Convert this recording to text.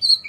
you